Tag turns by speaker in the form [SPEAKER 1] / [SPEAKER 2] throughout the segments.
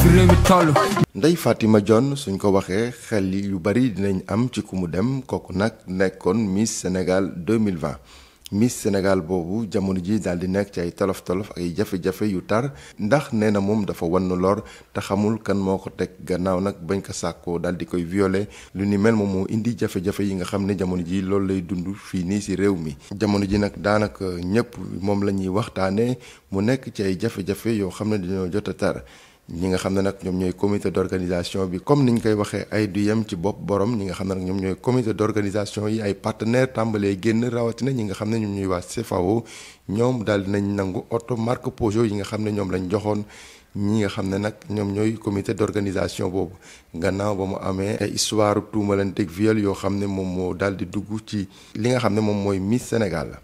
[SPEAKER 1] fi réew mi toll. Ndeye Fatima suñ ko waxee xel yu bari dinañ am ci ku mu dem kooku nag nekkoon Miss mille 2020 Miss Sénégal boobu jamono ji daal di nekk ci ay tolof tolof ay jafe-jafe yu tar ndax nee na moom dafa wann lor te xamul kan moo ko teg gannaaw nag bañ ko sàkkoo daal di koy violer lu ni mel moom moo indi jafe-jafe yi nga xam ne jamono ji loolu lay dund fii nii si réew mi. jamono ji nag daanaka ñëpp moom la ñuy waxtaanee mu nekk ci ay jafe-jafe yoo xam ne dañoo jot a ñi nga xam ne nag ñoom ñooy comité d'organisation bi comme niñ koy waxee ay du yem ci bopp borom ñi nga xam ne nag ñoom ñooy comité d'organisation yi ay partenaire tàmbalee génn rawatina ñi nga xam ne ñoom ñooy waa CFAO ñoom daal dinañ nangu oto marque Peugeot yi nga xam ne ñoom lañ joxoon ñi nga xam ne nag ñoom ñooy comité d'organisation boobu gannaaw ba mu amee ay histoire tuumalanteeg viol yoo xam ne moom moo daal di dugg ci li nga xam ne moom mooy Miss Sénégal la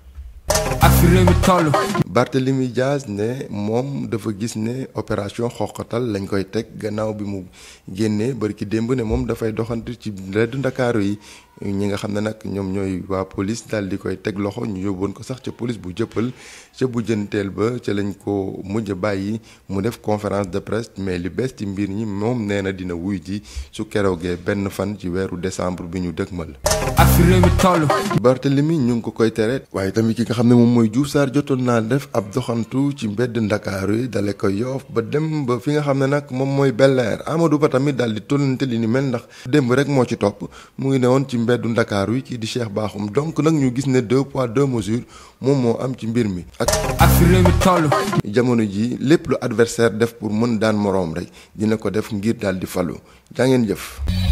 [SPEAKER 1] fi réew mi toll. Barthélemy ne moom dafa gis ne opération xoqatal lañ koy teg gannaaw bi mu génnee bari ki démb ne moom dafay doxantu ci mbedd Ndakaaru yi ñi nga xam ne nag ñoom ñooy waa police daal di koy teg loxo ñu yóbboon ko sax ca police bu jëppal ca bu jënteel ba ca lañ ko mujj bàyyi mu def conférence de presse mais li bés ci mbir ñi moom nee na dina wuy ji su keroogee benn fan ci weeru décembre bi ñu dëgmal. ak mooy Diouf jotoon naa def ab doxantu ci mbedd ndakaaru yi dale ko yoof ba dem ba fi nga xam ne nag moom mooy belleer Amadou Ba tamit daal di li ni mel ndax démb rek moo ci topp mu ngi ne ci mbedd ndakaaru yi kii di Cheikh Bakhoum donc nag ñu gis ne deux poids deux mesures moom moo am ci mbir mi ak ak fi mi toll jamono ji lépp lu adversaire def pour mën daan morom rek dina ko def ngir daal di falu jaa ngeen jëf